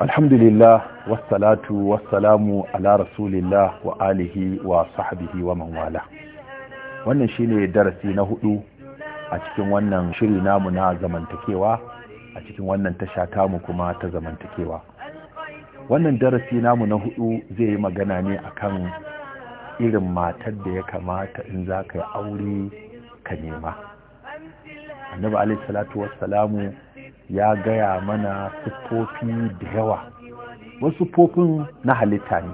alhamdulillah لله والصلاة ala rasulillah wa alihi wa وصحبه wa والاه wala wannan shine darasi na hudu a cikin wannan shiri namu na zamantakewa a cikin wannan tasha tamu kuma ta zamantakewa wannan darasi namu na hudu zai yi magana ne akan irin matar da ya kamata in za ka yi aure ka nema annabi alaihi salatu wassalamu ya gaya mana siffofi da yawa wasu fofin na halitta ne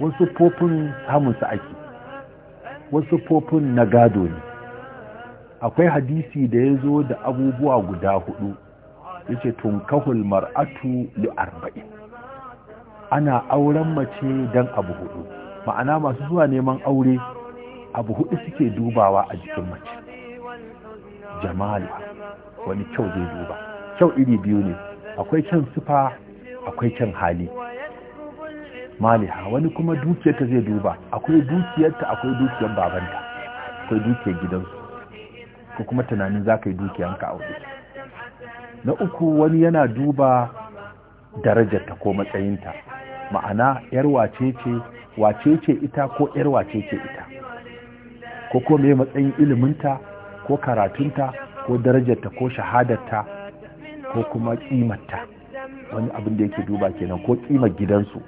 wasu fofin samunsa ake wasu fofin na gado ne akwai hadisi da ya zo da abubuwa guda hudu ya ce tunkahul mar'atu li arba'in ana auren mace don abu hudu ma'ana masu zuwa neman aure abu hudu suke dubawa a jikin mace jamala wani kyau zai duba kyau iri biyu ne akwai kyan sufa akwai kyan hali maliha wani kuma dukiyarta zai duba akwai dukiyarta akwai dukiyar babanta akwai dukiyar gidansu ko kuma tunanin za ka yi dukiyanka a na uku wani yana duba darajarta ko matsayinta ma'ana yar wace ce wace ce ita ko yar wace ce ita ko kuma matsayin iliminta ko karatunta ko darajarta ko shahadarta ko kuma kimarta wani abin da yake duba kenan ko kimar gidansu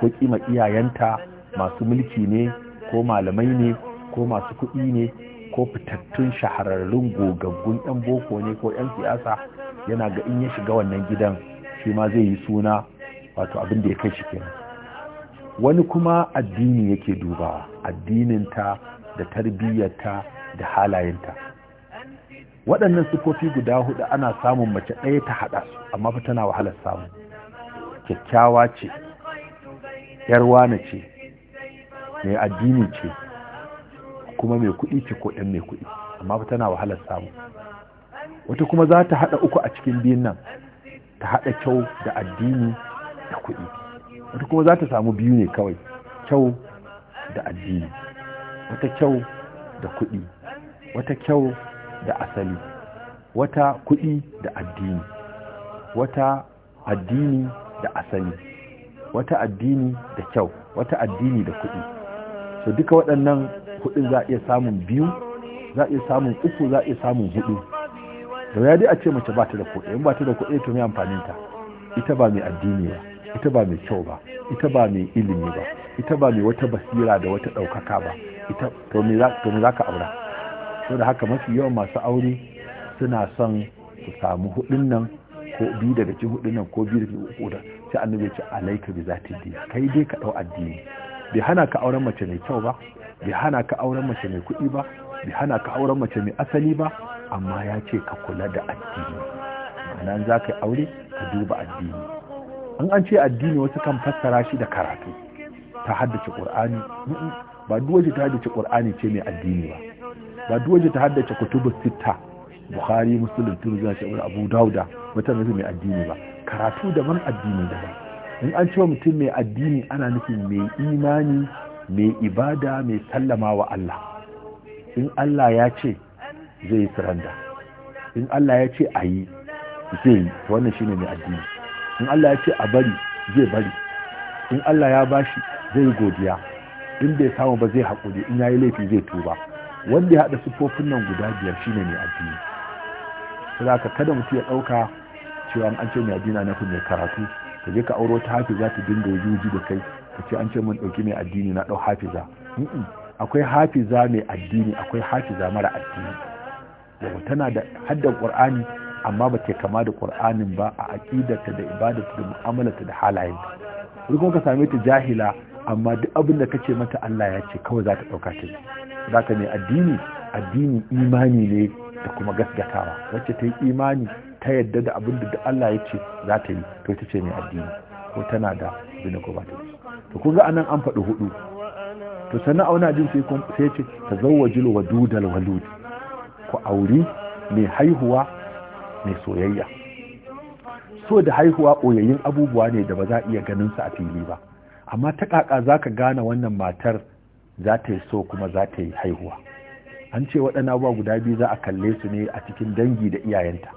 ko kimar iyayenta masu mulki ne ko malamai ne ko masu kuɗi ne ko fitattun shahararrun gogaggun 'yan boko ne ko 'yan siyasa yana ga in ya shiga wannan gidan shi ma zai yi suna wato abin da ya kai shi kenan wani kuma addini yake dubawa addinin ta da tarbiyyarta da halayenta waɗannan sifofi guda hudu ana samun mace ɗaya ta haɗa su amma fa tana wahalar samu kyakkyawa ce yarwana ce mai addini ce kuma mai kuɗi ce ko ɗan mai kuɗi amma fa tana wahalar samu wata kuma za ta haɗa uku a cikin biyun nan ta haɗa kyau da addini da kuɗi wata kuma za ta samu biyu ne kawai kyau da addini wata kyau da kuɗi wata kyau da asali wata kuɗi da addini wata addini da asali wata addini da kyau wata addini da kuɗi so duka waɗannan kuɗin za a iya samun biyu za a iya samun uku za a iya samun hudu da ya dai a ce mace ba ta da kuɗi in ba ta da kuɗi to mai amfanin ta ita ba mai addini ba ita ba mai kyau ba ita ba mai ilimi ba ita ba mai wata basira da wata ɗaukaka ba ita to me za ka aura so da haka mafi yawan masu aure suna son su samu hudun nan ko biyu daga cikin hudun nan ko biyu daga cikin nan sai annabi ya ce alaika bi zati din kai dai ka dau addini bai hana ka auren mace mai kyau ba bai hana ka auren mace mai kuɗi ba bai hana ka auren mace mai asali ba amma ya ce ka kula da addini ma'ana za ka yi aure ka duba addini an an ce addini wasu kan fassara shi da karatu ta haddace ƙur'ani ba duk waje ta haddace ƙur'ani ce mai addini ba ba duk wanda ta haddace kutubu sita bukhari muslim turmizi wani abu dauda wata nufi mai addini ba karatu daban addini daban in an cewa mutum mai addini ana nufin mai imani mai ibada mai sallama wa Allah in Allah ya ce zai suranda in Allah ya ce a yi zai yi wannan shine mai addini in Allah ya ce a bari zai bari in Allah ya bashi zai godiya in bai samu ba zai haƙuri in ya yi laifi zai tuba wanda ya haɗa siffofin nan guda biyar shine mai addini ka kada mutum ya ɗauka cewa an ce mai addini na fi mai karatu ka je ka auro ta hafiza ta dinga wujuji da kai ka ce an ce mun ɗauki mai addini na ɗau hafiza akwai hafiza mai addini akwai hafiza mara addini yau tana da haddan qur'ani amma ba ta kama da qur'anin ba a aqidarta da ibadarta da mu'amalarta da halayenta duk kuma ka same ta jahila amma duk abin da ce mata Allah ya ce kawai za ta ɗauka ta yi. zaka mai addini addini imani ne da kuma gaskatawa wacce ta yi imani ta yadda da abin da Allah ya ce za ta yi to ta ce mai addini ko tana da zina ko to kun ga anan an faɗi hudu to sannan a jin sai ce ta zawwajil wadudal walud ku auri mai haihuwa mai soyayya so da haihuwa ɓoyayyun abubuwa ne da ba za a iya ganin su a fili ba amma ta kaka za ka gane wannan matar za ta yi so kuma za ta yi haihuwa an ce waɗannan ba guda biyu za a kalle su ne a cikin dangi da iyayenta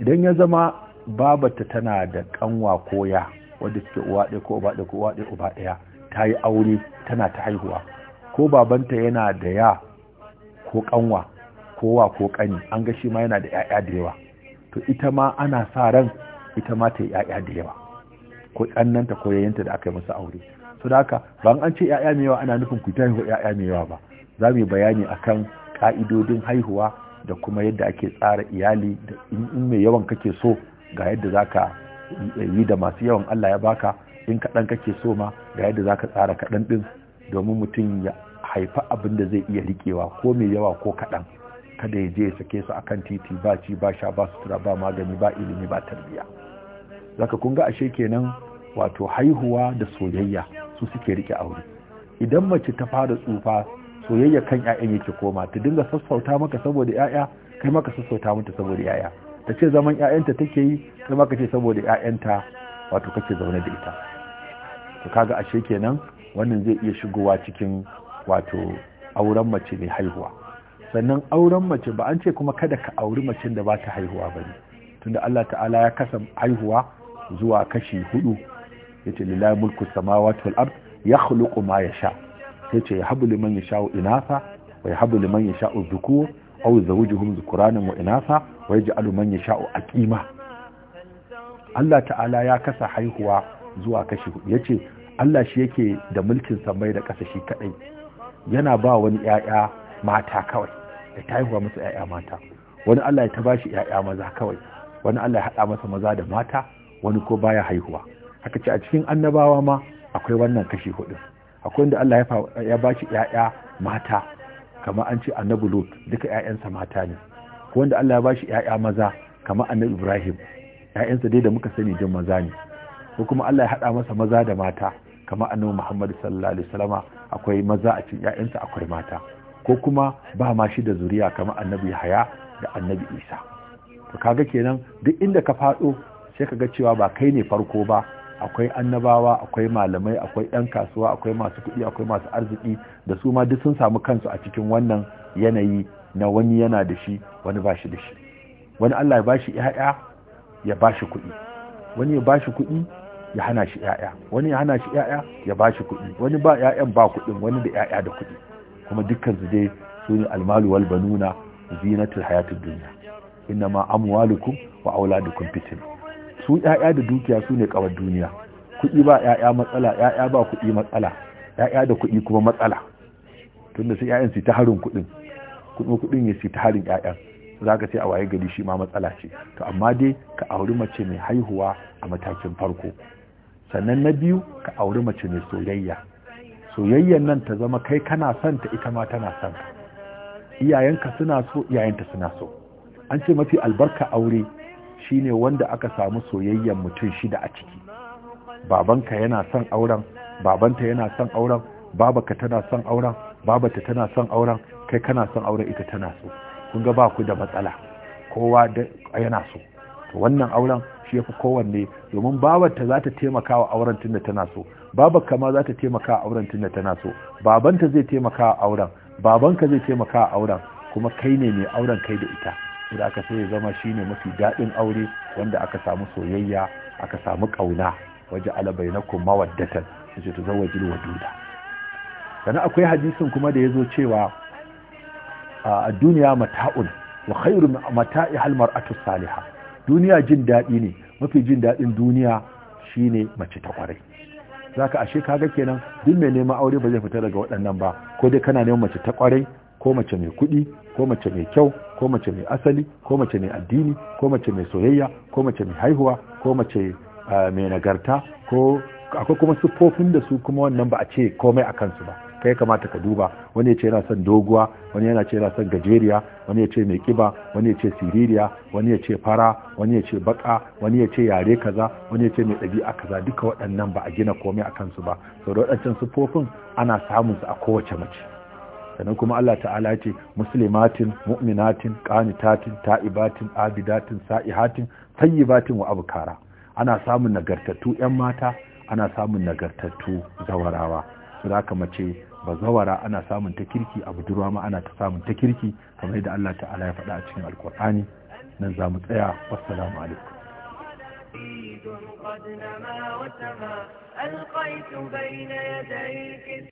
idan ya zama babata tana da ƙanwa ko ya wadda suke uwa ɗaya ko uba ɗaya ko uwa ɗaya uba ɗaya ta yi aure tana ta haihuwa ko babanta yana da ya ko kanwa kowa ko kani an ga shi ma yana da 'ya'ya da yawa to ita ma ana sa ran ita ma ta yi 'ya'ya da yawa ko ƙannanta ko yayinta da aka yi musu aure sadaka ba an ce ‘ya'ya mai yawa ana nufin ku ta ‘ya'ya mai yawa ba za mu yi bayani akan ka'idodin haihuwa da kuma yadda ake tsara iyali da in mai yawan kake so ga yadda za ka yi da masu yawan Allah ya baka in kaɗan kake so ma ga yadda za ka tsara kaɗan ɗin domin mutum ya haifa abin da zai iya riƙewa ko mai yawa ko kaɗan kada ya je ya sake su akan titi ba ci ba sha ba sutura ba magani ba ilimi ba tarbiyya zaka kun ga ashe kenan wato haihuwa da soyayya su suke rike aure idan mace ta fara tsufa soyayya kan 'ya'yan yake koma ta dinga sassauta maka saboda 'ya'ya kai maka sassauta mata saboda 'ya'ya ta ce zaman 'ya'yanta take yi kai maka ce saboda 'ya'yanta wato kake zaune da ita to kaga ashe kenan wannan zai iya shigowa cikin wato auren mace mai haihuwa sannan auren mace ba an ce kuma kada ka auri macen da ba ta haihuwa ba ne tunda Allah ta'ala ya kasa haihuwa zuwa kashi hudu yace lillahi mulku samawati wal ard yakhluqu ma yasha yace yahabu liman yasha'u inatha wa yahabu liman yasha'u dhukur aw zawjuhum dhukuranan wa inatha wa yaj'alu man yasha'u aqima Allah ta'ala ya kasa haihuwa zuwa kashi hudu yace Allah shi yake da mulkin samai da ƙasa shi kadai yana ba wani ƴaƴa mata kawai ya ta haihuwa masa ƴaƴa mata wani Allah ya ta bashi ƴaƴa maza kawai wani Allah ya haɗa masa maza da mata wani ko baya haihuwa aka ce a cikin annabawa ma akwai wannan kashi hudu akwai wanda Allah ya ba shi ƴaƴa mata kamar an ce annabi Lut duka ƴaƴansa mata ne ko wanda Allah ya ba shi ƴaƴa maza kamar annabi Ibrahim ƴaƴansa dai da muka sani jin maza ne ko kuma Allah ya haɗa masa maza da mata kamar annabi Muhammad sallallahu alaihi wasallama akwai maza a cikin ƴaƴansa akwai mata ko kuma ba ma shi da zuriya kamar annabi Yahaya da annabi Isa to kaga kenan duk inda ka faɗo sai kaga cewa ba kai ne farko ba akwai annabawa akwai malamai akwai 'yan kasuwa akwai masu kuɗi akwai masu arziki da su ma duk sun samu kansu a cikin wannan yanayi na wani yana da shi wani ba shi da shi wani Allah ya ba shi ‘ya'ya ya ba shi kuɗi wani ya ba shi kuɗi ya hana shi ‘ya'ya wani ya hana shi ‘ya'ya ya ba shi kuɗi wani ba ‘ya'yan ba kuɗin wani da ‘ya'ya da kuɗi kuma dukkan su dai su ne almalu wal banuna zinatul hayatid dunya innama amwalukum wa auladukum fitnah su ‘ya'ya da dukiya su ne ƙawar duniya kuɗi ba ‘ya'ya matsala ‘ya'ya ba kuɗi matsala ‘ya'ya da kuɗi kuma matsala tunda sai ‘ya'yan su ta harin kuɗin kuma kuɗin ya su ta harin ‘ya'yan za ka sai a waye gari shi ma matsala ce to amma dai ka auri mace mai haihuwa a matakin farko sannan na biyu ka auri mace mai soyayya soyayyan nan ta zama kai kana son ta ita ma tana son ka iyayenka suna so iyayenta suna so an ce mafi albarka aure shine wanda aka samu soyayyen mutum shida a ciki babanka yana son auren babanta yana son auren babaka tana son auren babata tana son auren kai kana son auren ita tana so kun ga ba ku da matsala kowa yana so wannan auren shi yafi kowanne domin babarta za ta taimaka wa auren da tana so babarka ma za ta taimaka wa auren tun da tana so babanta zai taimaka wa auren babanka zai taimaka wa auren kuma kai ne mai auren kai da ita da aka sai ya zama shine mafi daɗin aure wanda aka samu soyayya aka samu ƙauna waje alabai na kuma waddatar su ce tuzawajil waduda sannan akwai hadisin kuma da ya zo cewa a duniya mata'un wa khairu mata'i halmar atu saliha duniya jin daɗi ne mafi jin daɗin duniya shine mace ta kwarai ka ashe kaga kenan duk mai neman aure ba zai fita daga waɗannan ba ko dai kana neman mace ta kwarai ko mace mai kuɗi ko mace mai kyau ko mace mai asali ko mace mai addini ko mace mai soyayya ko mace mai haihuwa ko mace mai nagarta ko akwai kuma siffofin da su kuma wannan ba a ce komai a kansu ba kai kamata ka duba wani ya ce yana son doguwa wani yana ce yana son gajeriya wani ya ce mai kiba wani ya ce siririya wani ya ce fara wani ya ce baka wani ya ce yare kaza wani ya ce mai ɗabi'a kaza duka waɗannan ba a gina komai a kansu ba saboda waɗancan siffofin ana samun su a kowace mace sannan kuma Allah ta'ala ce muslimatin mu'minatin qanitatin ta'ibatin abidatin sa'ihatin tayyibatin wa abkara ana samun nagartattu yan mata ana samun nagartattu zawarawa su mace ba zawara ana samun ta kirki a budurwa ma ana ta samun ta kirki kamar yadda Allah ta'ala ya faɗa a cikin alkur'ani nan za mu tsaya wassalamu alaikum قد نما وتما القيت بين يديك